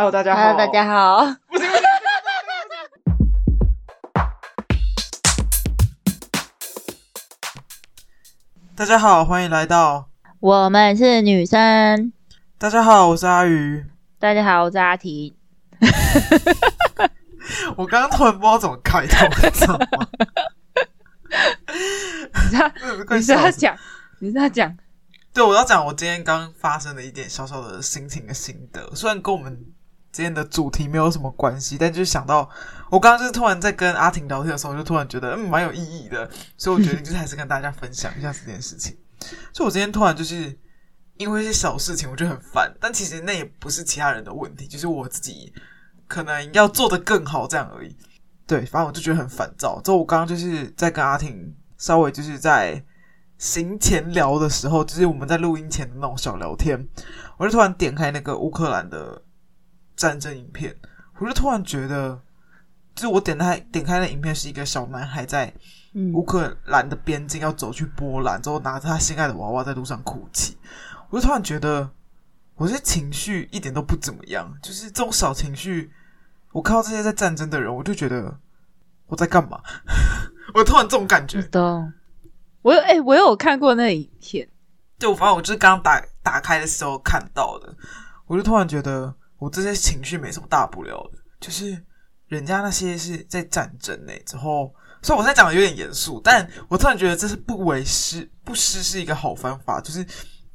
哈嘍大家好。Hello, 大家好。 大家好，歡迎來到我們是女生。大家好，我是阿俞。大家好，我是阿亭。 我剛剛突然不知道怎麼開頭，你知道嗎？你是在他 他講， 你是在他講, 講。對，我要講我今天剛發生的一點小小的心情跟心得，雖然跟我們。今天的主題沒有什麼關係，但就是想到我剛剛就是突然在跟阿婷聊天的時候，我就突然覺得嗯，蠻有意義的，所以我決定就是還是跟大家分享一下這件事情。 所以，我今天突然就是因為一些小事情，我就很煩，但其實那也不是其他人的問題，就是我自己可能要做得更好這樣而已。對，反正我就覺得很煩躁。之後我剛剛就是在跟阿婷稍微就是在行前聊的時候，就是我們在錄音前的那種小聊天，我就突然點開那個烏克蘭的戰爭影片，我就突然覺得，就我點開點開那影片是一個小男孩在烏克蘭的邊境要走去波蘭、嗯，之後拿着他心愛的娃娃在路上哭泣。我就突然覺得，我這些情緒一點都不怎麼樣，就是這種小情緒。我看到這些在戰爭的人，我就覺得我在幹嘛？ 我就突然這種感覺，我懂，我有哎、欸，我有看過那影片，就反正我就是剛打打開的時候看到的，我就突然覺得。我這些情緒沒什麼大不了的，就是人家那些是在戰爭內、欸、之後，所以我在講的有點嚴肅，但我突然覺得這是不為失不失是一個好方法，就是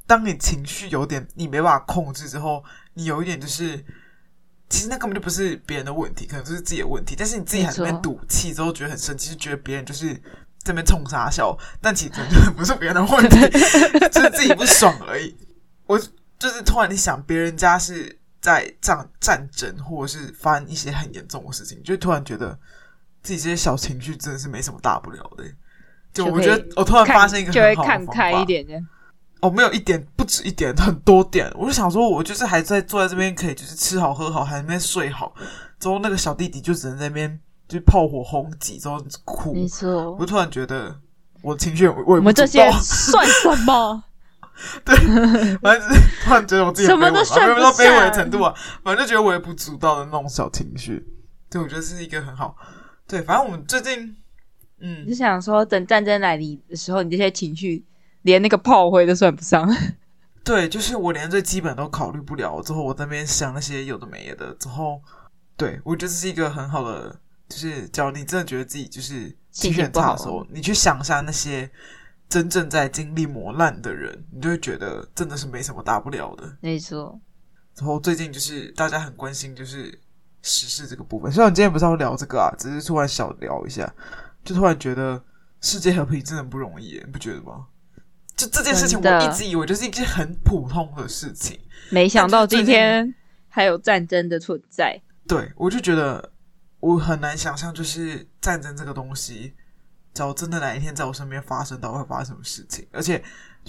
當你情緒有點你沒辦法控制之後，你有一點就是其實那根本就不是別人的問題，可能就是自己的問題，但是你自己還在那邊賭氣之後覺得很生氣，就覺得別人就是這邊衝傻笑，但其實真的不是別人的問題， 就是自己不爽而已。我就是突然你想別人家是，在戰戰爭，或者是發生一些很嚴重的事情，就突然覺得自己這些小情緒真的是沒什麼大不了的。就，就我覺得，我、哦、突然發現一個很好的方法，就會看開一點的。哦，沒有一點，不止一點，很多點。我就想說，我就是還在坐在這邊，可以就是吃好喝好，還在那邊睡好。之後那個小弟弟就只能在那邊就是、炮火轟擊之後哭。沒錯，我就突然覺得我的情緒，我們這些算什麼？ 對，反正、就是、突然覺得我自己、啊、什麼都算不上，沒有到卑微的程度啊。反正就覺得微不足道的那種小情緒，對，我覺得這是一個很好。對，反正我們最近，嗯，我就想說，等戰爭來臨的時候，你這些情緒連那個炮灰都算不上。對，就是我連最基本都考慮不了。之後我在那邊想那些有的沒的，之後，對我覺得這是一個很好的，就是，只要你真的覺得自己就是情緒不好差的時候，你去想一下那些。真正在經歷磨難的人，你就會覺得真的是沒什麼大不了的。沒錯，然後最近就是大家很關心就是時事這個部分，雖然今天不是要聊這個啊，只是突然小聊一下，就突然覺得世界和平真的很不容易，你不覺得嗎？就這件事情，我一直以為就是一件很普通的事情的，沒想到今天還有戰爭的存在。對，我就覺得我很難想象，就是戰爭這個東西。假如真的哪一天在我身邊發生，到會發生什麼事情？而且，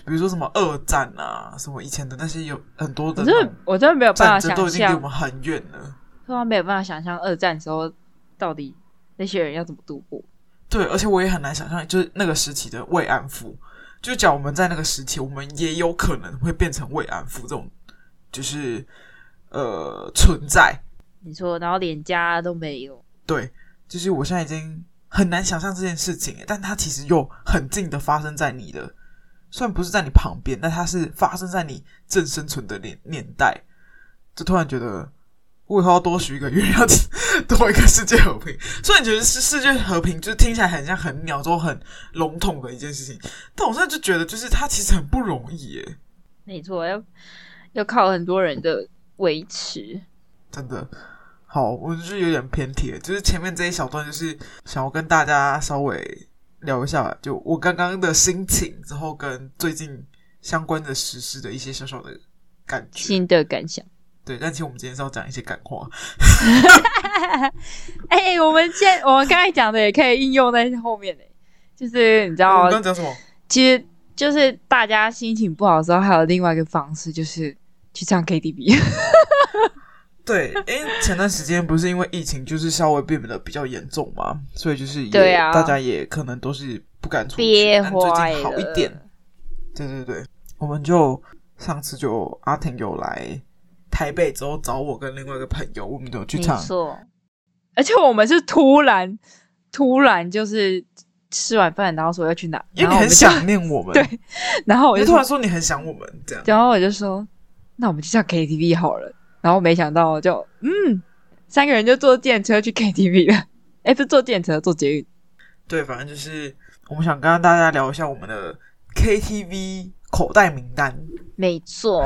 比如說什麼二戰啊，什麼以前的那些有很多的我很，我真的我真的沒有辦法想象，都已經離我們很遠了，突然沒有辦法想象二戰時候到底那些人要怎麼度過。對，而且我也很難想象，就是那個時期的慰安婦，就假如我們在那個時期，我們也有可能會變成慰安婦這種，就是呃存在。你說，然後連家都沒有。對，就是我現在已經。很難想象這件事情，但它其實又很近的發生在你的，雖然不是在你旁邊，但它是發生在你正生存的年年代。就突然覺得，我以後要多許一個願，要多一個世界和平。雖然覺得是世界和平，就是、聽起來很像很鳥中很籠統的一件事情，但我現在就覺得，就是它其實很不容易。哎，沒錯，要要靠很多人的維持，真的。好，我就是有點偏題，就是前面這一小段就是想要跟大家稍微聊一下，就我剛剛的心情，之後跟最近相關的時事的一些小小的感覺，新的感想，對。但其實我們今天是要講一些感化，哎、 欸，我們現我們剛才講的也可以應用在後面、欸、就是你知道嗎？剛、嗯、講什麼？其實就是大家心情不好的時候，還有另外一個方式，就是去唱 KTV。 對，因為前段時間不是因為疫情，就是稍微變得比較嚴重嘛，所以就是對、啊、大家也可能都是不敢出去，但最近好一點。對對對，我們就上次就阿婷有來台北之後找我跟另外一個朋友，我們都有去唱。沒錯，而且我們是突然突然就是吃完飯，然後說要去哪，因為你很想念我們。我們 對，然後我就突然說你很想我們這樣，然後我就說，我就說那我們就叫 KTV 好了。然後沒想到就，就嗯，三個人就坐電車去 KTV 了。哎，不坐電車，坐捷運。對，反正就是我們想跟大家聊一下我們的 KTV 口袋名單。沒錯。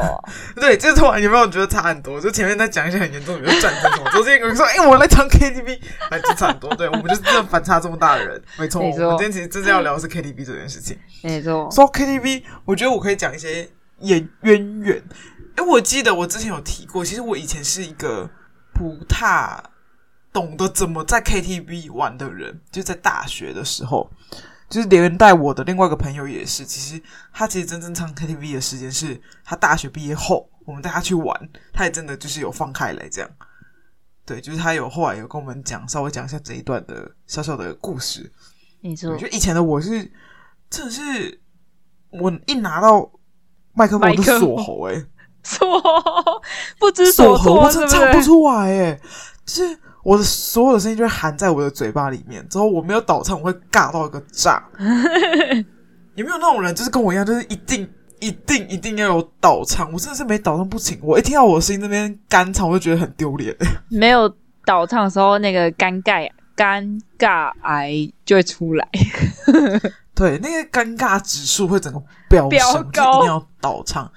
對，這次有沒有覺得差很多？就前面在講一些很嚴重的戰爭什麼，昨天有人說：“哎、欸，我來唱 KTV， 還是差很多。對”對我們就是真的反差這麼大的人沒。沒錯。我們今天其實真正要聊的是 KTV 這件事情。沒錯。說、so, KTV，我覺得我可以講一些淵源。演演演哎、欸，我記得我之前有提過，其實我以前是一個不太懂得怎麼在 KTV 玩的人，就在大學的時候，就是連帶我的另外一個朋友也是，其實他其實真正唱 KTV 的時間是他大學畢業後，我們帶他去玩，他也真的就是有放開來這樣。對，就是他有後來有跟我們講，稍微講一下這一段的小小的故事。你說，就以前的我是，真的是我一拿到麥克風就鎖喉，哎。說不知所措，我真唱不出來哎！就是我的所有的聲音，就會含在我的嘴巴裡面。之後我沒有倒唱，我會尬到一個炸。 有沒有那種人，就是跟我一樣，就是一定、一定、一定要有倒唱？我真的是沒倒唱不情。我一聽到我的聲音那邊乾唱，我就覺得很丟臉。沒有倒唱的時候，那個尷尬、尷尬癌就會出來。 對，那個尷尬指數會整個飆升，飆高，一定要倒唱。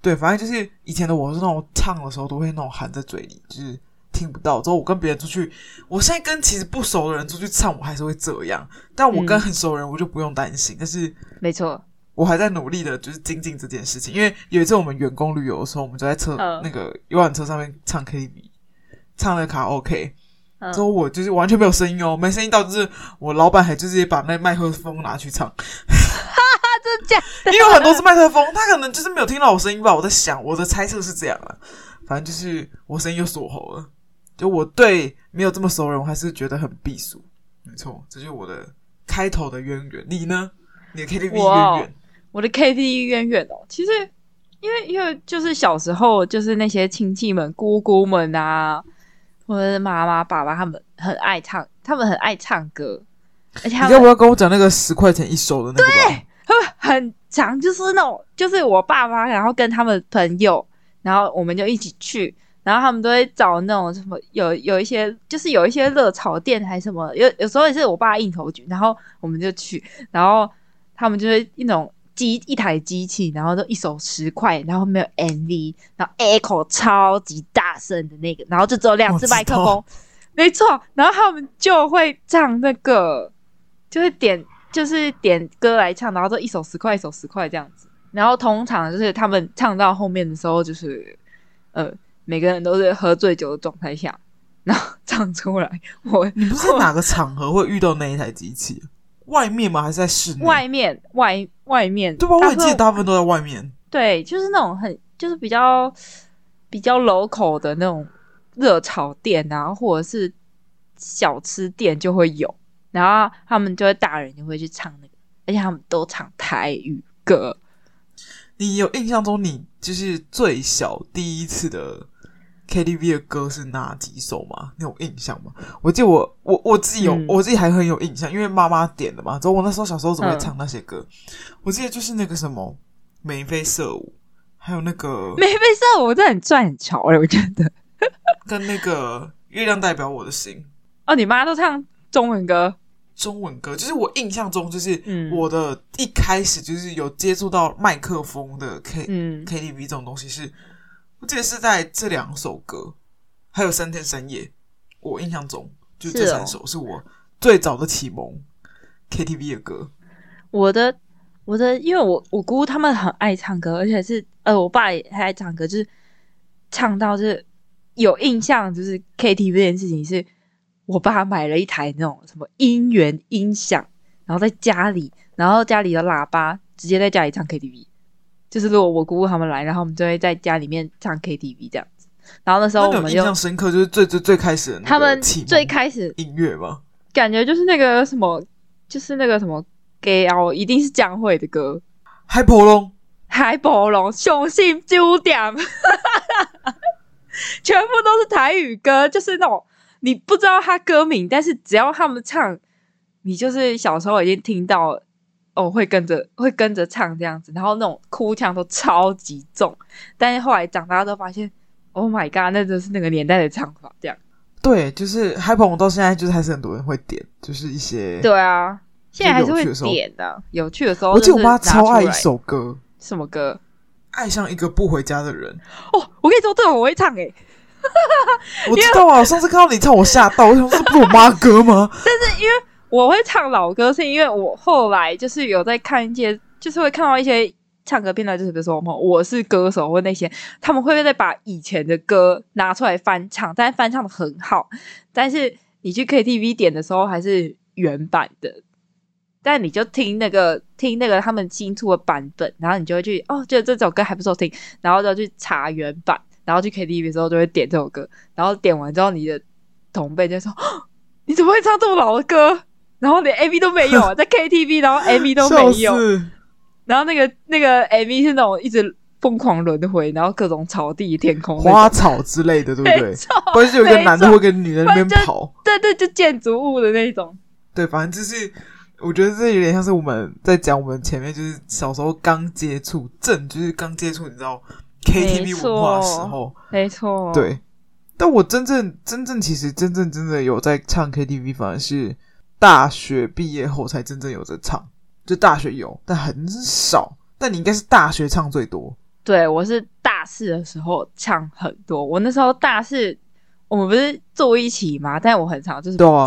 對，反正就是以前的我是那種唱的時候都會那種含在嘴裡，就是聽不到。之後我跟別人出去，我現在跟其實不熟的人出去唱，我還是會這樣。但我跟很熟的人我就不用擔心、嗯。但是沒錯，我還在努力的，就是精進這件事情。因為有一次我們員工旅遊的時候，我們就在車那個遊覽車上面唱 KTV，唱了卡 OK，之後我就是完全沒有聲音哦，沒聲音到，就是我老闆還就是也把那麥克風拿去唱。 是這樣， 因為很多是麥克風，他可能就是沒有聽到我聲音吧。我在想，我的猜測是這樣啊。反正就是我聲音又鎖喉了。就我對沒有這麼熟人，我還是覺得很避暑。沒錯，這就是我的開頭的淵源。你呢？你的 KTV 淵源？Wow, 我的 KTV 淵源哦。其實因為因為就是小時候，就是那些親戚們、姑姑們啊，我的媽媽、爸爸他們很愛唱，他們很愛唱歌。而且他們你要不要跟我講那個十塊錢一首的那個吧？對很長，就是那種，就是我爸媽，然後跟他們朋友，然後我們就一起去，然後他們都會找那種什麼，有有一些，就是有一些熱炒店還是什麼，有有時候也是我爸應酬局，然後我們就去，然後他們就是一種機一台機器，然後都一手十塊，然後沒有 MV，然後 echo 超級大聲的那個，然後就只有兩隻麥克風，沒錯，然後他們就會唱那個，就會點。就是點歌來唱，然後就一首十塊，一首十塊這樣子。然後通常就是他們唱到後面的時候，就是呃，每個人都是喝醉酒的狀態下，然後唱出來。我你不是哪個場合會遇到那一台機器？ 外面嗎？還是在室內？外面外外面對吧？外界大部分都在外面。對，就是那種很就是比較比較 local 的那種熱炒店啊，或者是小吃店就會有。然後他們就會大人就會去唱那個，而且他們都唱台語歌。你有印象中你就是最小第一次的 KTV 的歌是哪幾首嗎？你有印象嗎？我記得我我我自己有、嗯、我自己還很有印象，因為媽媽點的嘛。所以我那時候小時候總會唱那些歌，嗯。我記得就是那個什麼眉飛色舞，還有那個眉飛色舞，我真的很拽很潮了，欸，我覺得。 跟那個月亮代表我的心。哦，你媽都唱中文歌。中文歌。就是我印象中，就是我的一開始就是有接觸到麥克風的 K 嗯 K T V 這種東西是，是我記得是在這兩首歌，還有三天三夜。我印象中就這三首是我最早的啟蒙 K T V 的歌。我的我的，因為我我姑姑他們很愛唱歌，而且是呃，我爸也還愛唱歌，就是唱到就是有印象，就是 K T V 這件事情是，我爸買了一台那種什麼音源音響，然後在家裡，然後家裡的喇叭直接在家裡唱 KTV，就是如果我姑姑他們來，然後我們就會在家裡面唱 KTV 這樣子。然後那時候我們就你印象深刻就是最最最開始的那個起他們最開始音樂嗎？感覺就是那個什麼，就是那個什麼 gay 啊，一定是江蕙的歌。海波浪，海波浪，雄性丟哈全部都是台語歌，就是那種。你不知道他歌名，但是只要他們唱，你就是小時候已經聽到，哦，會跟着會跟着唱這樣子，然後那種哭腔都超級重，但是後來長大都發現，Oh my god，那就是那個年代的唱法，這樣。對，就是嗨，朋友到 y 現在就是還是很多人會點，就是一些。對啊，現在還是會點的，啊，有趣的時候。我記得我媽超愛一首歌，什麼歌？愛上一個不回家的人。哦，我跟你說，這個我會唱哎，欸。 我知道啊，我上次看到你唱，我嚇到， 我想這不是我媽歌嗎？但是因為我會唱老歌，是因為我後來就是有在看一些，就是會看到一些唱歌片段，就是比如說《我是歌手》或那些，他們會不會再把以前的歌拿出來翻唱？但是翻唱的很好，但是你去 KTV 點的時候還是原版的，但你就聽那個聽那個他們新出的版本，然後你就會去哦，就這首歌還不錯聽，然後就去查原版。然後去 KTV 的時候就會點這首歌，然後點完之後，你的同輩就會說：“你怎麼會唱這麼老的歌？”然後連 MV 都沒有、啊，在 KTV，然後 MV 都沒有。 然後那個那個 MV 是那種一直瘋狂輪回，然後各種草地、天空、花草之類的，對不對？不是有一個男的會跟女的在那邊跑？對對，就建築物的那種。對，反正就是我覺得這有點像是我們在講我們前面就是小時候剛接觸，正就是剛接觸，你知道。KTV 文化的時候，沒錯，對，但我真正真正其實真正真的有在唱 KTV，反而是大學畢業後才真正有在唱，就大學有，但很少。但你應該是大學唱最多，對，我是大四的時候唱很多。我那時候大四，我們不是坐一起嘛，但我很常就是在對啊，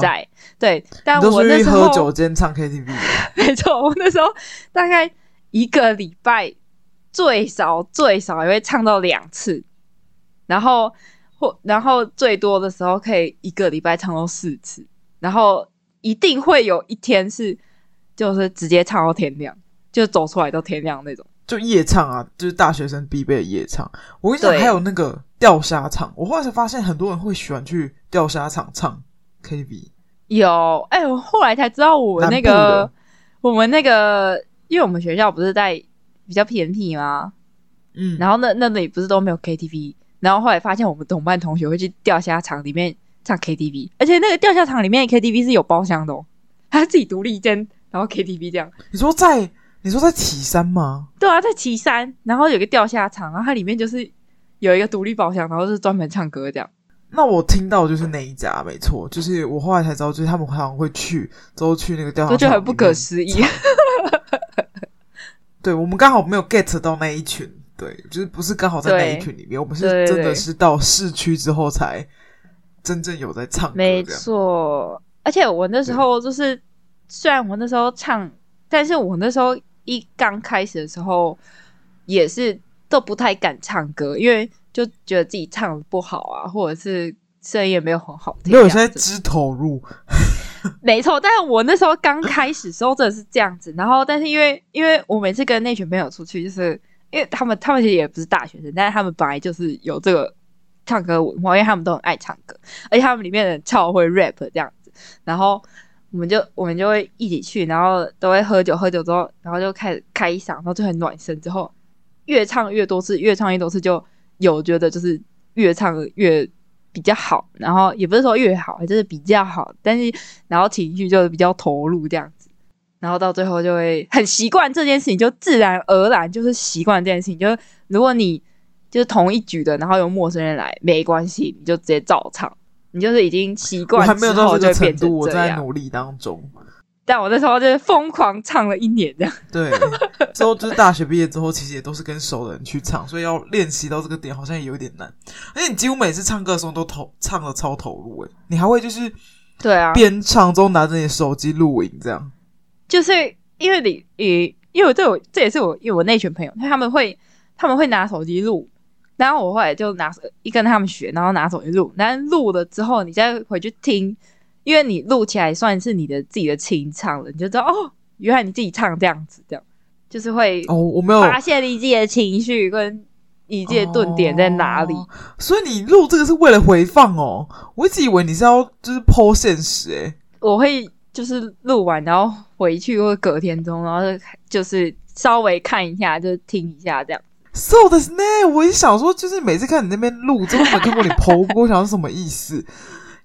對，但我那時候都喝酒間唱 KTV， 沒錯，我那時候大概一個禮拜。最少最少也會唱到兩次，然後或然後最多的時候可以一個禮拜唱到四次，然後一定會有一天是就是直接唱到天亮，就走出來都天亮那種，就夜唱啊，就是大學生必備的夜唱。我跟你講，還有那個釣蝦場，我後來才發現很多人會喜歡去釣蝦場唱，唱 K B。有，哎，我後來才知道我那個我們那個，因為我們學校不是在。比較偏僻嗎？嗯，然後那，那那裡不是都沒有 KTV，然後後來發現我們同班同學會去釣蝦場裡面唱 KTV，而且那個釣蝦場裡面 KTV 是有包廂的哦，他自己獨立間，然後 KTV 這樣。你說在你說在岐山嗎？對啊，在岐山，然後有個釣蝦場，然後它裡面就是有一個獨立包廂，然後是專門唱歌這樣。那我聽到就是那一家沒錯，就是我後來才知道，就是他們好像會去之後去那個釣蝦場，就很不可思議。 對，我們剛好沒有 get 到那一群，對，就是不是剛好在那一群裡面，我們是真的是到市區之後才真正有在唱歌。沒錯，而且我那時候就是，雖然我那時候唱，但是我那時候一剛開始的時候也是都不太敢唱歌，因為就覺得自己唱不好啊，或者是聲音也沒有很好聽。因為我現在只投入。 沒錯，但是我那時候剛開始時候真的是這樣子，然後，但是因為因為我每次跟那群朋友出去，就是因為他們他們其實也不是大學生，但是他們本來就是有這個唱歌文化，因為他們都很愛唱歌，而且他們裡面的人超會 rap 這樣子，然後我們就我們就會一起去，然後都會喝酒，喝酒之後，然後就開始開嗓，然後就很暖身。之後越唱越多次，越唱越多次，就有覺得就是越唱越。比較好，然後也不是說越好，就是比較好，但是然後情緒就比較投入這樣子，然後到最後就會很習慣這件事情，就自然而然就是習慣這件事情。就是、如果你就是同一局的，然後有陌生人來沒關係，你就直接照唱，你就是已經習慣他沒有做好就貶低我在努力當中。但我那時候就瘋狂唱了一年這樣，對。之後就是大學畢業之後，其實也都是跟熟的人去唱，所以要練習到這個點，好像也有點難。而且你幾乎每次唱歌的時候都投唱的超投入，欸，哎，你還會就是對啊，邊唱都拿着你的手機錄影這樣，啊。就是因為你，也因為我我這也是我因為我那群朋友，他們會他們會拿手機錄，然後我後來就拿一跟他們學，然後拿手機錄，然後錄了之後你再回去聽。因為你錄起來算是你的自己的清唱了，你就知道哦，原來你自己唱這樣子，這樣就是會哦，我沒有發現你自己的情緒跟一切的頓點在哪裡。哦、所以你錄這個是為了回放哦，我一直以為你是要就是 po 限時。哎、欸，我會就是錄完然後回去或者隔天中，然後就是稍微看一下就聽一下這樣。So 的 h 我也想說，就是每次看你那邊錄，從來沒看過你 po 過， 我想說是什麼意思？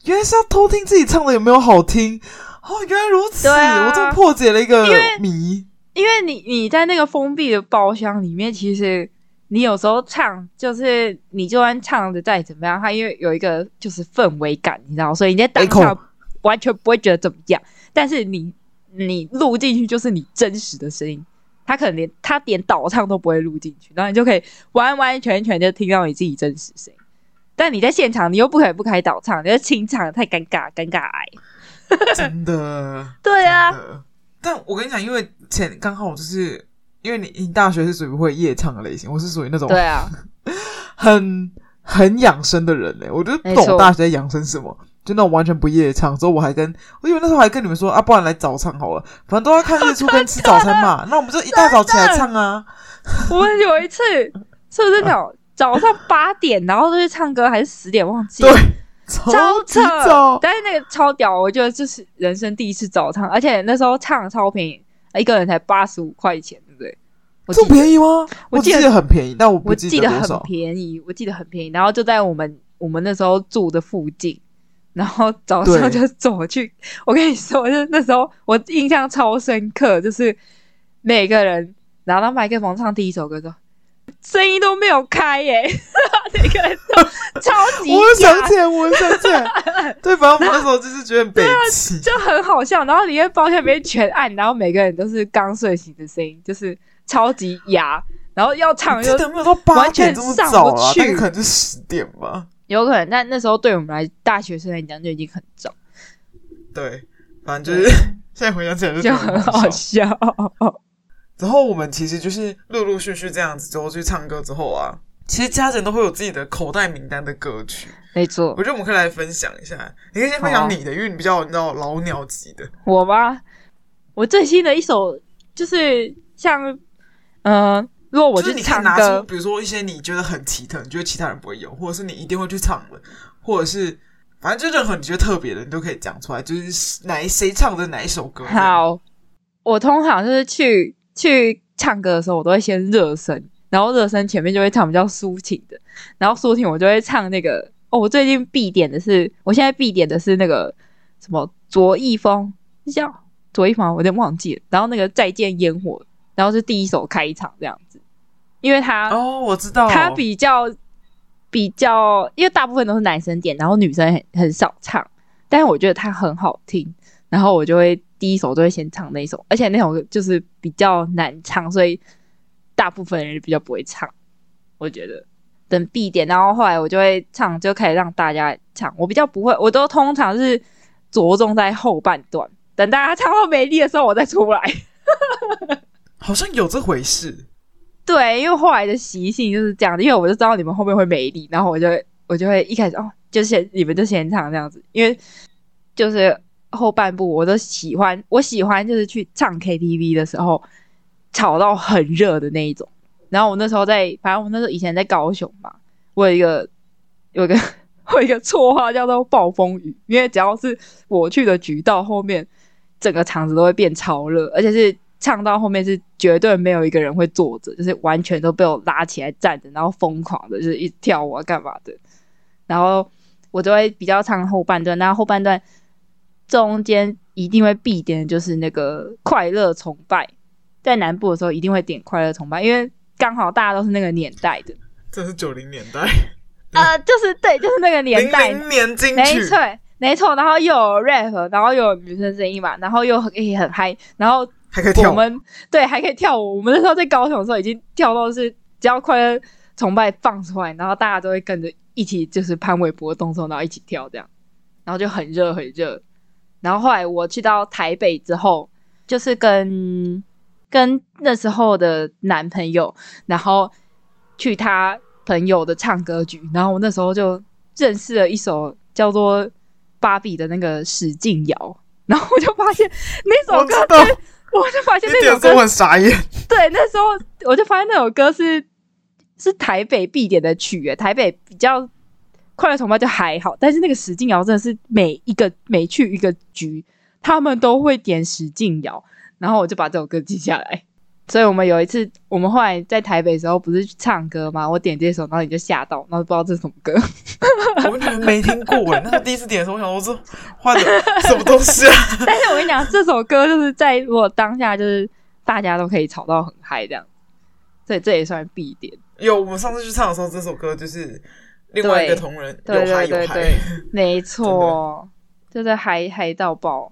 原來是要偷聽自己唱的有沒有好聽哦，原來如此，對啊、我就破解了一個謎。因為你你在那個封閉的包廂裡面，其實你有時候唱，就是你就算唱的再怎麼樣，它因為有一個就是氛圍感，你知道，所以你在當下完全不會覺得怎麼樣。Echo、但是你你錄進去就是你真實的聲音，他可能連他連倒唱都不會錄進去，然後你就可以完完全全的聽到你自己真實聲音。但你在現場，你又不可以不開導唱，你要清唱太尷尬，尷尬癌、欸 真的？對啊。但我跟你講，因為前剛好就是因為你，你大學是屬於會夜唱的類型，我是屬於那種對啊， 很很養生的人呢、欸，我覺得懂大學在養生什麼，就那種完全不夜唱。之後我還跟我以為那時候還跟你們說啊，不然來早唱好了，反正都要看日出跟吃早餐嘛。我那我們就一大早起來唱啊。 我有一次是不是早、啊？早上八點，然後都去唱歌還是十點？忘記了。對，超扯！但是那個超屌，我覺得這是人生第一次早唱，而且那時候唱超便宜，一個人才八十五塊錢，對不對？這麼便宜嗎？我記得，我記得很便宜，但我不記得我，記得很便宜，我記得很便宜，我記得很便宜。然後就在我們我們那時候住的附近，然後早上就走去。我跟你說，我就是，那時候我印象超深刻，就是每個人拿到麥克風唱第一首歌的時候。聲音都沒有開耶，這 個人都超級 我想起來。我想起來， 我想起來。對，反正我們那時候就是覺得很悲，就很好笑。然後裡面包廂裡面全按，然後每個人都是剛睡醒的聲音， 就是超級啞。然後要唱就完全上不去，是早啊、可能就十點吧，有可能。但那時候對我們來大學生來講就已經很早。對，反正就是 現在回想起來就，就很好笑。哦哦然後我們其實就是陸陸續續這樣子，之後去唱歌之後啊，其實家人都會有自己的口袋名單的歌曲，沒錯。我覺得我們可以來分享一下，你可以先分享你的，啊、因為你比較你知道老鳥級的。我嗎？我最新的一首就是像，嗯、呃，如果我唱就是你，可以拿出比如說一些你覺得很奇特，你覺得其他人不會有，或者是你一定會去唱的，或者是反正就任何你覺得特別的，你都可以講出來，就是哪一誰唱的哪一首歌。好，我通常就是去。去唱歌的時候，我都會先熱身，然後熱身前面就會唱比較抒情的，然後抒情我就會唱那個哦，我最近必點的是，我現在必點的是那個什麼卓一峰，叫卓一峰，我有點忘記了，然後那個再見煙火，然後是第一首開場這樣子，因為他，哦我知道他比較比較，因為大部分都是男生點，然後女生很很少唱，但是我覺得他很好聽，然後我就會。第一首都會先唱那一首，而且那首就是比較難唱，所以大部分人比較不會唱。我覺得等 B 點，然後後來我就會唱，就可以讓大家唱。我比較不會，我都通常是着重在後半段，等大家唱到沒力的時候，我再出來。 好像有這回事，對，因為後來的習性就是這樣，因為我就知道你們後面會沒力，然後我就我就會一開始哦，就先你們就先唱這樣子，因為就是。後半部我都喜歡，我喜歡就是去唱 KTV 的時候，吵到很熱的那一種。然後我那時候在，反正我那時候以前在高雄嘛，我有一個有一個我有一個綽號叫做暴風雨，因為只要是我去的局，到後面，整個場子都會變超熱，而且是唱到後面是絕對沒有一個人會坐着，就是完全都被我拉起來站着，然後瘋狂的就是一直跳舞啊幹嘛的，然後我都會比較唱後半段，然後後半段。中間一定會必點的就是那個快樂崇拜，在南部的時候一定會點快樂崇拜，因為剛好大家都是那個年代的，這是九零年代。呃，就是對，就是那個年代，零零年進去，沒錯，沒錯。然後又有 rap，然後又有女生聲音嘛，然後又很也很嗨，然後還可以我們對，還可以跳舞。我們那時候在高雄的時候，已經跳到是只要快樂崇拜放出來，然後大家都會跟着一起，就是潘瑋柏動作，然後一起跳這樣，然後就很熱很熱。然後後來我去到台北之後，就是跟跟那時候的男朋友，然後去他朋友的唱歌局，然後我那時候就認識了一首叫做《芭比》的那個史進瑤，然後我就發現那首歌，我，對我就發現那首歌，我我那首歌是我很傻眼。對，那時候我就發現那首歌是是台北必點的曲耶，台北比較。快樂崇拜就還好，但是那個使勁搖真的是每一個每去一個局，他們都會點使勁搖，然後我就把這首歌記下來。所以我們有一次，我們後來在台北的時候不是去唱歌嗎？我點這首，然後你就嚇到，然後不知道這是什麼歌， 我們沒聽過哎，那是、個、第一次點的時候，我想我說，我這換的什麼東西啊？ 但是我跟你講，這首歌就是在我當下，就是大家都可以吵到很嗨這樣，所以這也算是必點。有，我上次去唱的時候，這首歌就是。另外一個同仁，對對對，對，對有嗨有嗨 真的沒錯，就是嗨嗨到爆。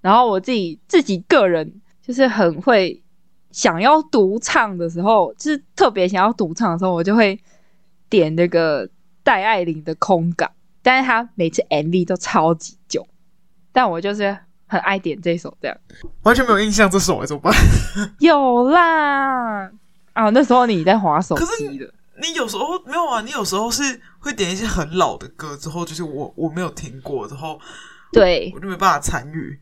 然後我自己自己個人就是很會想要獨唱的時候，就是特別想要獨唱的時候，我就會點那個戴愛玲的《空港》，但是她每次 MV 都超級久，但我就是很愛點這首，這樣完全沒有印象這首怎麼辦？ 有啦啊，那時候你在滑手機的。你有時候沒有啊？你有時候是會點一些很老的歌，之後就是我我沒有聽過，之後對我，我就沒辦法參與。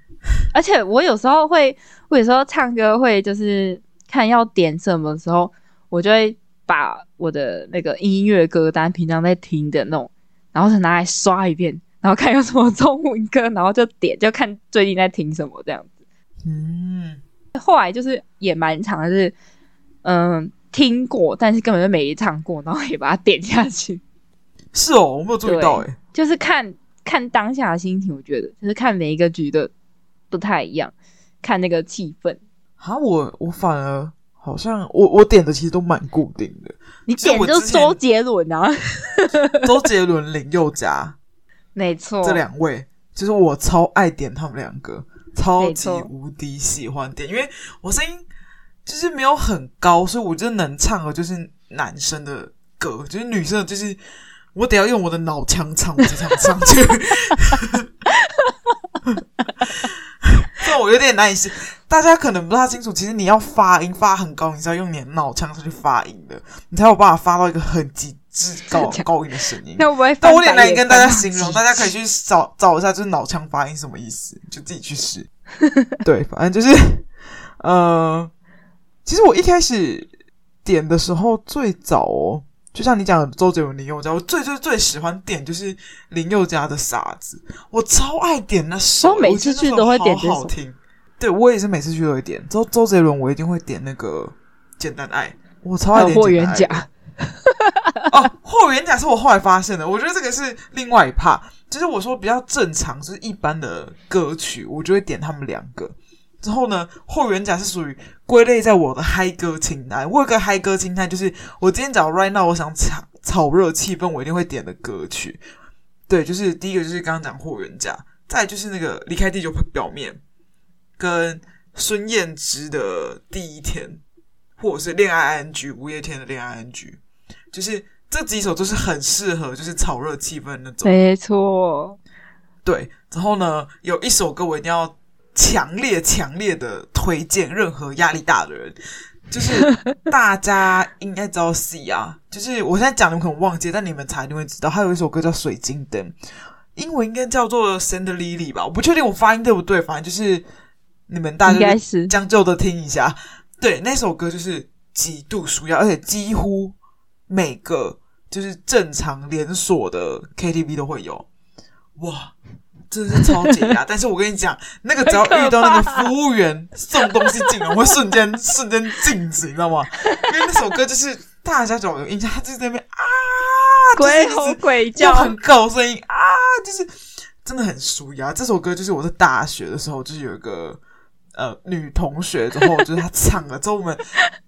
而且我有時候會，我有時候唱歌會，就是看要點什麼時候，我就會把我的那個音樂歌單平常在聽的那種，然後是拿來刷一遍，然後看有什麼中文歌，然後就點，就看最近在聽什麼這樣子。嗯，後來就是也蠻長的，是嗯。聽過，但是根本就沒唱過，然後也把它點下去。是哦，我沒有注意到哎、欸，就是看看當下的心情，我覺得就是看每一個局的不太一樣，看那個氣氛。啊，我我反而好像我我點的其實都蠻固定的，你 點就是 周杰倫啊，周杰倫、林宥嘉，沒錯，這兩位，其、就是我超愛點他們兩個，超級無敵喜歡點，因為我聲音。就是沒有很高，所以我就能唱的，就是男生的歌，就是女生的，就是我得要用我的腦腔唱，我才唱上去這 我有點難以，大家可能不太清楚。其實你要發音發很高，你是要用你的腦腔去發音的，你才有辦法發到一個很極致高高、高音的聲音。那我，但我有點難以跟大家形容，大家可以去找找一下，就是腦腔發音什麼意思，就自己去試。 對，反正就是，嗯、呃。其實我一開始點的時候，最早哦，就像你講的周杰倫、林宥嘉，我最最最喜歡點就是林宥嘉的傻子，我超愛點那首，每次去都會點，好，好聽。對，我也是每次去都會點。周周杰倫我一定會點那個簡單愛，我超愛，點簡單愛。霍元甲。哦、 啊，霍元甲是我後來發現的，我覺得這個是另外一趴。其實我說比較正常就是一般的歌曲，我就會點他們兩個。之後呢，霍元甲是屬於歸類在我的嗨歌清單。我有個嗨歌清單，就是我今天找 right now 我想炒炒熱氣氛，我一定會點的歌曲。對，就是第一個就是剛剛講霍元甲，再來就是那個離開地球表面跟孫燕姿的第一天，或者是戀愛 ing，五月天的戀愛 ing，就是這幾首都是很適合就是炒熱氣氛那種。沒錯。對，然後呢，有一首歌我一定要。強烈強烈的推薦，任何壓力大的人，就是大家應該知道 C 啊， 就是我現在講你們可能忘記，但你們才一定會知道，他有一首歌叫《水晶燈》，英文應該叫做《Send Lily》吧，我不確定我發音對不對，反正就是你們大家將就的聽一下，對，那首歌就是極度舒壓，而且幾乎每個就是正常連鎖的 KTV 都會有，哇。真的是超解壓， 但是我跟你講， 那個只要遇到那個服務員、啊、送東西進來，我會瞬間 瞬間靜止，你知道嗎？因為那首歌就是大家總有印象，他就在那邊啊，鬼吼、就是、鬼叫，很高聲音 啊，就是真的很舒壓、啊。這首歌就是我在大學的時候，就是有一個呃女同學之後，就是她唱了之後， 我們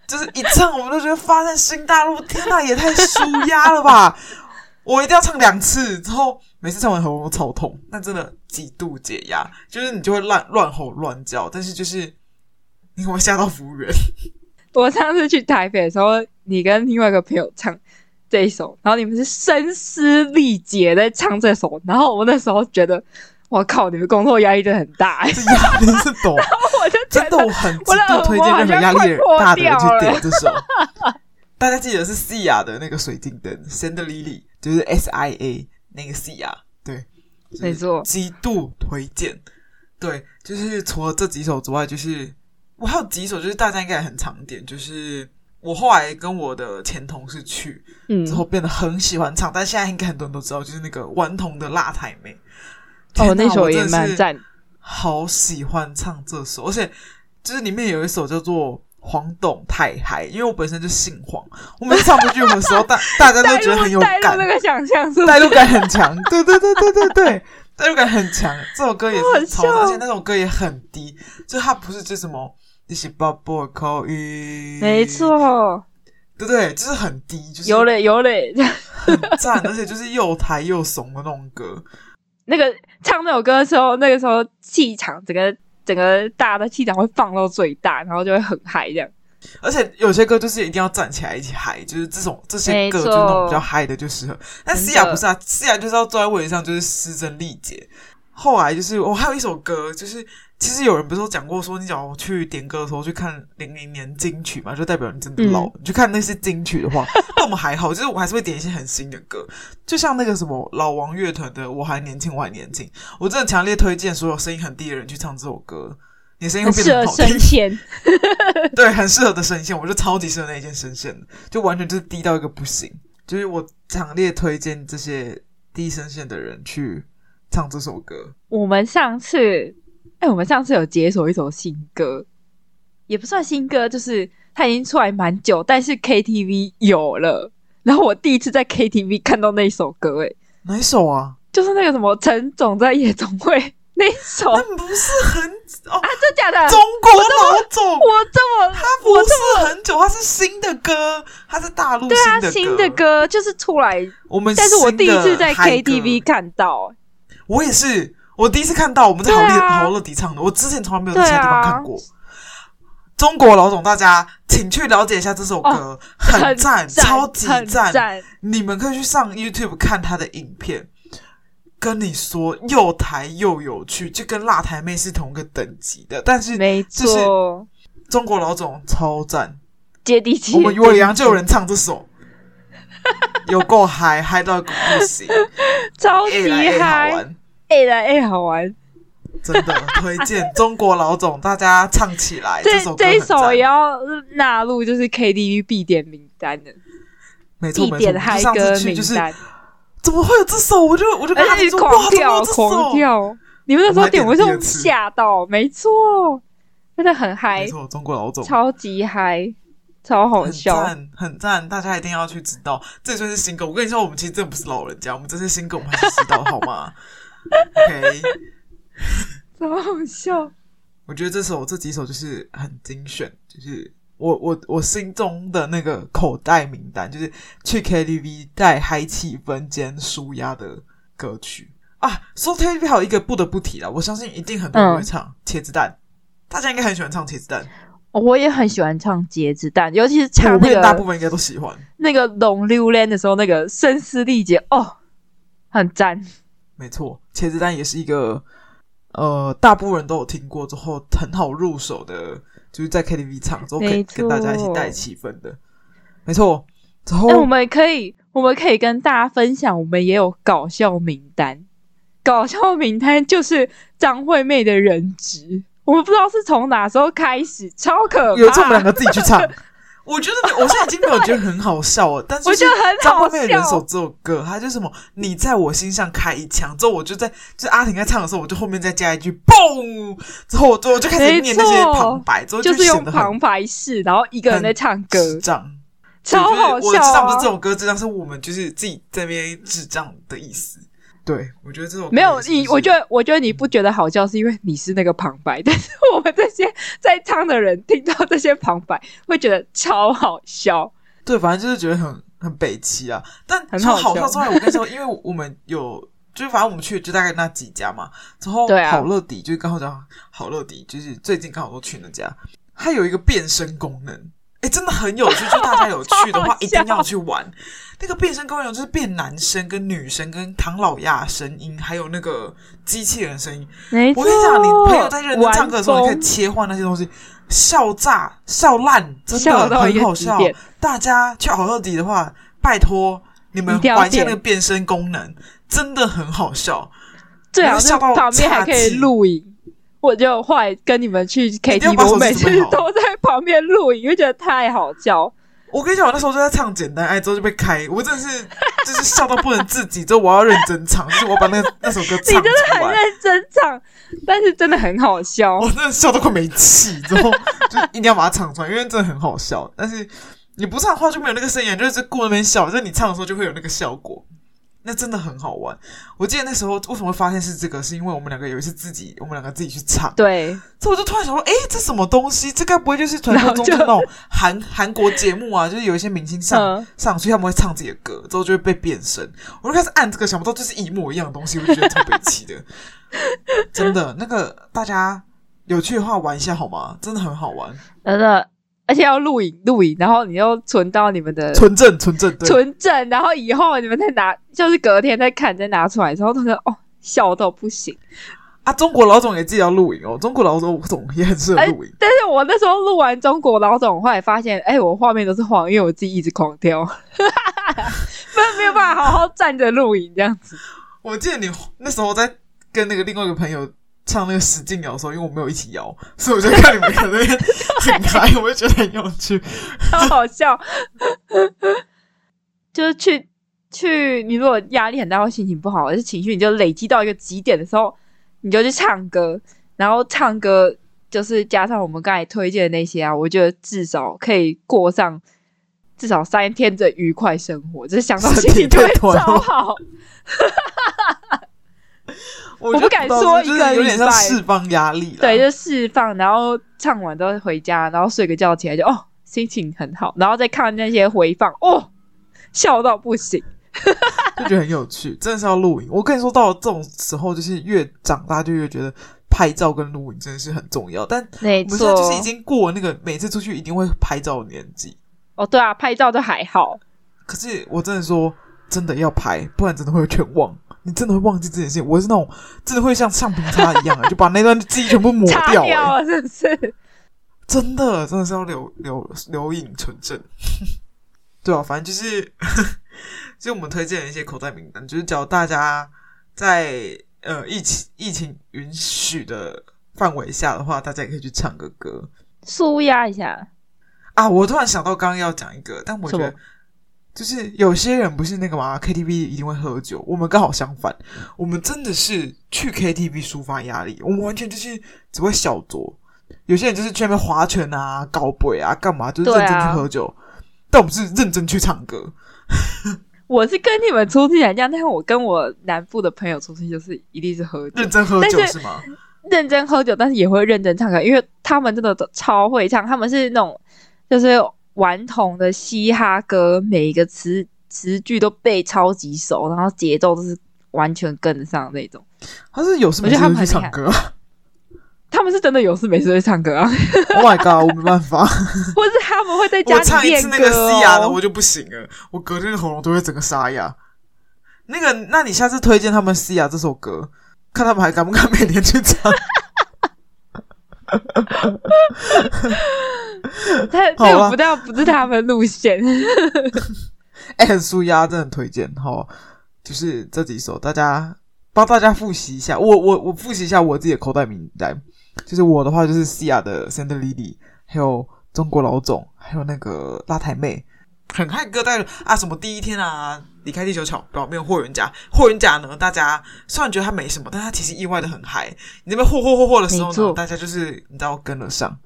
就是、我們就是一唱，我們都覺得發現新大陸，天哪、啊，也太舒壓、啊、了吧！ 我一定要唱兩次，之後每次唱完喉嚨超痛，那真的極度解壓，就是你就會亂亂吼亂叫，但是就是你會嚇到服務員。我上次去台北的時候，你跟另外一個朋友唱這一首，然後你們是聲嘶力竭在唱這首，然後我那時候覺得，我靠，你們工作壓力就很大、欸，這壓力是 多 然後我就真的，我很，我就推薦的壓力大的人去點這首。 大家記得是 C 雅的那個水晶燈，Chandelier 就是 SIA 那個 C 雅對，沒錯，極度推薦。對，就是除了這幾首之外，就是我還有幾首，就是大家應該也很常點，就是我後來跟我的前同事去，嗯，之後變得很喜歡唱，但現在應該很多人都知道，就是那個頑童的辣台妹。哦，那首也蠻讚，是好喜歡唱這首，而且就是裡面有一首叫做。黃董太嗨，因為我本身就姓黃。我每次唱這句的時候， 大大家都覺得很有感。那個想象是是，帶入感很強。對對對對對對，對， 帶入感很強。這首歌也是我很而且那首歌也很低，就它不是這什麼 你是不不口語。沒錯，對，對對？就是很低，就是有嘞有嘞， 很讚，而且就是又台又慫的那種歌。那個唱那首歌的時候，那個時候氣場整個。整個大家的氣場會放到最大，然後就會很嗨這樣。而且有些歌就是一定要站起來一起嗨，就是這種這些歌就那種比較嗨的就適合。欸、但思雅不是啊，思雅就是要坐在位置上就是嘶聲力竭。後來就是，我、哦、還有一首歌，就是其實有人不是說講過，說你只要去點歌的時候去看零零年金曲嘛，就代表你真的老。嗯、你去看那些金曲的話，那 我們還好，就是我還是會點一些很新的歌，就像那個什麼老王樂團的我《我還年輕，我還年輕》，我真的強烈推薦所有聲音很低的人去唱這首歌，你聲音會變得很好聽。很適合神仙 對，很適合的聲線，我就超級適合那一件聲線，就完全就是低到一個不行。就是我強烈推薦這些低聲線的人去。唱這首歌，我們上次哎、欸，我們上次有解鎖一首新歌，也不算新歌，就是他已經出來蠻久，但是 KTV 有了。然後我第一次在 KTV 看到那首歌，欸，哎，哪一首啊？就是那個什麼陳總在夜總會，那一首？那不是很、哦、啊，真假的？中國老總，我這麼，我這麼他不是很久？他是新的歌，他是大陸，對啊，新的歌，新的歌就是出來我們，但是我第一次在 KTV 看到。我也是，我第一次看到我們在好麗、啊、好樂迪唱的，我之前從來沒有在其他地方看過。啊、中國老總，大家請去了解一下這首歌，哦、很讚，超級讚！你們可以去上 YouTube 看他的影片，跟你說又台又有趣，就跟辣台妹是同一個等級的，但是沒錯、就是，中國老總超讚，接地氣。我們岳陽就有人唱這首。 有夠嗨，嗨到不行，超級嗨。A 來 A，A 來 A 好玩，真的推薦 中國老總，大家唱起來。這，這首這一首也要納入，就是 KTV 必點名單的，必點嗨歌名單，就是怎麼會有這首？我就我就哎，狂跳狂跳！你們那時候點，我就嚇到。沒錯，真的很嗨，沒錯，中國老總超級嗨。超好笑，很讚，大家一定要去知道，這算是新歌。我跟你說，我們其實真的不是老人家，我們這是新歌我們還是知道， 好嗎？OK，超好笑。 我覺得這首這幾首就是很精選，就是我我我心中的那個口袋名單，就是去 KTV 帶嗨氣分間舒壓的歌曲啊。說 KTV 還有一個不得不提啦，我相信一定很多人會唱《嗯、茄子蛋》，大家應該很喜歡唱《茄子蛋》。哦、我也很喜歡唱《茄子蛋》，尤其是唱那個。大部分應該都喜歡。那個《浪流連》的時候，那個聲嘶力竭，哦，很讚。沒錯，《茄子蛋》也是一個呃，大部分人都有聽過之後很好入手的，就是在 KTV 唱之後可以跟大家一起帶氣氛的。沒錯，之後、欸、我們可以我們可以跟大家分享，我們也有搞笑名單。搞笑名單就是張惠妹的人質。我們不知道是從哪時候開始，超可怕。有次我們兩個自己去唱， 我覺得我現在已經沒有覺得很好笑哦，但、就是我覺得很好笑。後面有人手這首歌，它就是什麼“你在我心上開一槍”，之後我就在就是、阿婷在唱的時候，我就後面再加一句“嘣”，之後我之後就開始念那些旁白，之後就，就是用旁白式，然後一個人在唱歌，智障，超好笑，啊。就是、我知道，不是這首歌智障，是我們就是自己在那邊智障的意思。對，我覺得這種沒有你，我覺得我覺得你不覺得好笑，是因為你是那個旁白。嗯、但是我們這些在場的人聽到這些旁白，會覺得超好笑。對，反正就是覺得很很北七啊。但超好笑之外，我跟你說，因為我們有， 就是反正我們去就大概那幾家嘛。然後好樂迪就剛好講好樂迪，就是最近剛好都去那家，它有一個變身功能。哎、欸，真的很有趣，就大家有趣的話， 一定要去玩那個變身功能，就是變男生、跟女生、跟唐老鴨聲音，還有那個機器人的聲音沒錯。我跟你講，你朋友在認真唱歌的時候，你可以切換那些東西，笑炸、笑爛，真的很、很好笑。大家去熬到底的話，拜託你們玩一下那個變身功能，真的很好笑，最好笑到還可以錄影。我就後來，我跟你們去 K T V，每次都在旁邊錄影，因為覺得太好笑。我跟你講，我那時候就在唱《簡單愛》，之後就被開，我真的是，就是笑到不能自己。之 後我要認真唱，就 是我把那個那首歌唱出來。你真的很認真唱，但是真的很好笑，我真的笑都快沒氣。之後就一定要把它唱出來， 因為真的很好笑。但是你不唱的話就沒有那個聲音，就是顧著那邊笑。就你唱的時候就會有那個效果。那真的很好玩，我記得那時候為什麼會發現是這個，是因為我們兩個有一次自己，我們兩個自己去唱。對，這我就突然想說，誒、欸，這什麼東西？這該不會就是傳說中的那種韓韓國節目啊？就是有一些明星上、嗯、上去，所以他們會唱自己的歌，之後就會被變身。我就開始按這個，想不到就是一模一樣的東西，我就覺得特別奇的。 真的，那個大家有趣的話玩一下好嗎？真的很好玩。真的。而且要錄影，錄影，然後你又存到你們的存證存證的，存證，然後以後你們再拿，就是隔天再看，再拿出來，然後他說：“哦，笑到不行啊！”中國老總也記得要錄影哦，中國老總我懂，也很適合錄影、欸。但是我那時候錄完中國老總，後來發現，哎、欸，我畫面都是晃，因為我自己一直狂跳，哈哈哈哈哈，沒有沒有辦法好好站着錄影這樣子。 我記得你那時候在跟那個另外一個朋友。唱那個使勁搖的時候，因為我沒有一起搖，所以我就看你們在那邊很擰開，我就覺得很有趣，超好笑。 就是去去，你如果壓力很大或心情不好，而且情緒你就累積到一個極點的時候，你就去唱歌，然後唱歌就是加上我們剛才推薦的那些啊，我覺得至少可以過上至少三天的愉快生活。就是想到心情就會超好。 我，覺不我不敢說一個有點像釋放壓力，對，就釋放，然後唱完都回家，然後睡個覺起來就哦，心情很好，然後再看那些回放，哦，笑到不行， 就覺得很有趣，真的是要錄影。我跟你說，到了這種時候，就是越長大就越覺得拍照跟錄影真的是很重要。但沒錯，就是已經過了那個每次出去一定會拍照的年紀。哦，對啊，拍照都還好，可是我真的說，真的要拍，不然真的會全忘。你真的會忘記這件事？我是那種真的會像橡皮擦一樣， 就把那段記憶全部抹掉。真的是，不是真的，真的是要留留留影存證。 對啊，反正就是 就是我們推薦的一些口袋名單，就是只要大家在呃疫情疫情允許的範圍下的話，大家也可以去唱個歌，舒壓一下啊！我突然想到，剛剛要講一個，但我覺得。就是有些人不是那個嘛，KTV 一定會喝酒。我們剛好相反，我們真的是去 KTV 抒發壓力。我們完全就是只會小酌。有些人就是去那邊划拳啊、高杯啊、幹嘛？就是認真去喝酒。啊、但我們是認真去唱歌。 我是跟你們出去一樣，但是我跟我南部的朋友出去就是一定是喝酒。認真喝酒是，是嗎？認真喝酒，但是也會認真唱歌，因為他們真的超會唱。他們是那種就是。頑童的嘻哈歌，每一個詞詞句都背超級熟，然後節奏都是完全跟得上那種。他是有事沒事還唱歌，啊他們，他們是真的有事沒事會唱歌啊 ！Oh my god，我沒辦法。 或者是他們會在家裡練歌，哦，我唱一次那個 Cya 的，我就不行了，我隔天喉嚨都會整個沙啞。那個，那你下次推薦他們《Cya》這首歌，看他們還敢不敢每天去唱？ 他 這有不到，不是他們路線，哎、 欸，很舒壓，真的很推薦哈、哦，就是這幾首，大家幫大家復習一下，我我我復習一下我自己的口袋名單，就是我的話就是西亞的《Chandelier》還有中國老總，還有那個拉台妹，很嗨歌，但是啊什麼第一天啊，離開地球吵表面霍元甲霍元甲呢，大家雖然覺得他沒什麼，但他其實意外的很嗨，你那邊霍霍霍霍的時候呢，大家就是你知道跟得上。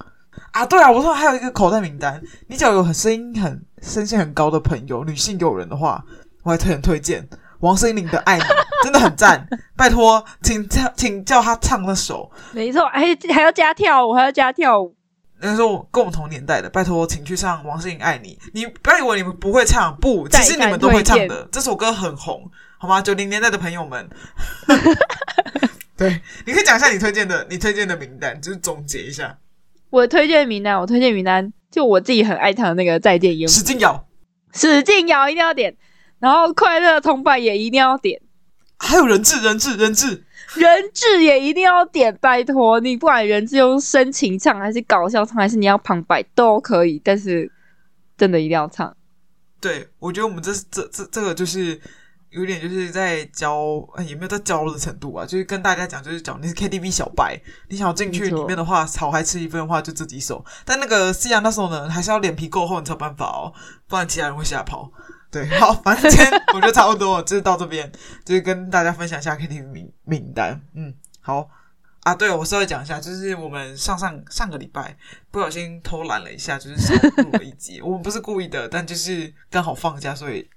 啊，對啊，我說還有一個口袋名單，你只要有很聲音很聲線很高的朋友、女性友人的話，我還特很推薦王心凌的《愛你，》 真的很讚。拜託，請唱，請叫她唱那首。沒錯，還還要加跳舞，還要加跳舞。那時候跟我同年代的，拜託，請去唱王心凌《愛你》你。你不要以為你們不會唱，不，其實你們都會唱的。 這首歌很紅，好嗎？九零年代的朋友們， 對，你可以講一下你推薦的，你推薦的名單，就是總結一下。我推薦名單，我推薦名單，就我自己很愛唱那個《再見憂》。使勁咬，使勁咬，一定要點。然後《快樂崇拜》也一定要點。還有人《人質》，人質，人質，人質也一定要點。拜托，你不管人質用深情唱還是搞笑唱，還是你要旁白都可以，但是真的一定要唱。對，我覺得我們這這這這個就是。有點就是在教，欸、也沒有在教的程度啊？就是跟大家講，就是講你是 KTV 小白，你想要進去裡面的話，炒還吃一份的話就自己手。但那個夕陽那時候呢，還是要臉皮夠厚，你才有辦法哦，不然其他人會嚇跑。對，好，反正今天我覺得差不多， 就是到這邊，就是跟大家分享一下 KTV 名名單。嗯，好。啊，對，我稍微講一下，就是我們上上上個禮拜不小心偷懶了一下，就是少錄了一集， 我們不是故意的，但就是剛好放假，所以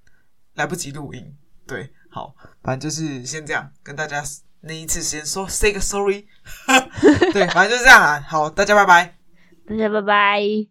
來不及錄音。對，好，反正就是先這樣，跟大家那一次先說，say 個 sorry。 對，反正就是這樣啊。好，大家拜拜，大家拜拜。